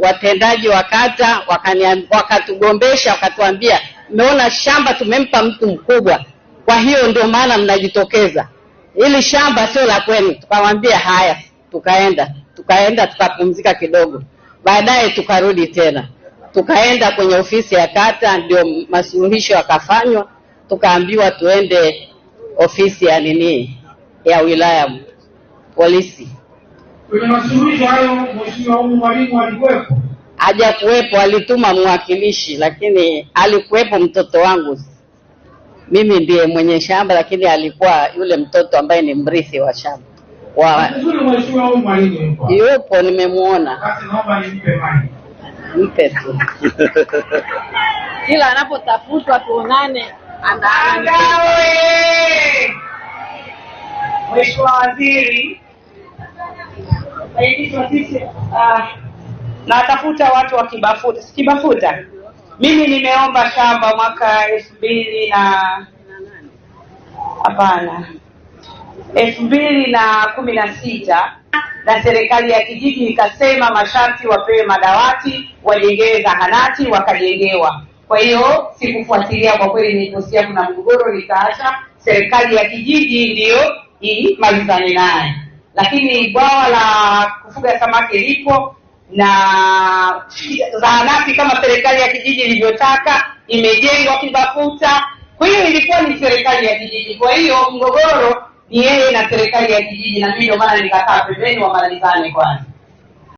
watendaji wa kata wakatugombesha, wakatuambia mmeona shamba tumempa mtu mkubwa, kwa hiyo ndio maana mnajitokeza, ili shamba sio la kwenu. Tukamwambia haya, tukaenda tukaenda tukapumzika kidogo, baadaye tukarudi tena, tukaenda kwenye ofisi ya kata, ndio masuluhisho yakafanywa, tukaambiwa tuende ofisi ya nini ya wilaya polisi. Kwenye masuluhisho hayo mheshimiwa huyu mwalimu alikuwepo? Hajakuwepo, alituma mwakilishi, lakini alikuwepo mtoto wangu. Mimi ndiye mwenye shamba, lakini alikuwa yule mtoto ambaye ni mrithi wa shamba wa... yupo, nimemwona. Mpe tu kila anapotafutwa tuonane. Mheshimiwa Waziri mwenyekiti wa sisi ah, natafuta watu wa Kibafuta, si Kibafuta. Mimi nimeomba shamba mwaka elfu mbili na hapana, elfu mbili na kumi na sita na serikali ya kijiji ikasema masharti wapewe madawati, wajengewe zahanati, wakajengewa. Kwa hiyo sikufuatilia kwa kweli, niliposikia kuna mgogoro nikaacha. Serikali ya kijiji ndiyo imalizane naye lakini bwawa la kufuga samaki lipo na zahanati kama serikali ya kijiji ilivyotaka imejengwa kibakuta. Kwa hiyo ilikuwa ni serikali ya kijiji, kwa hiyo mgogoro ni yeye na serikali ya kijiji, na mimi ndio maana nikakaa pembeni wa malizane kwanza.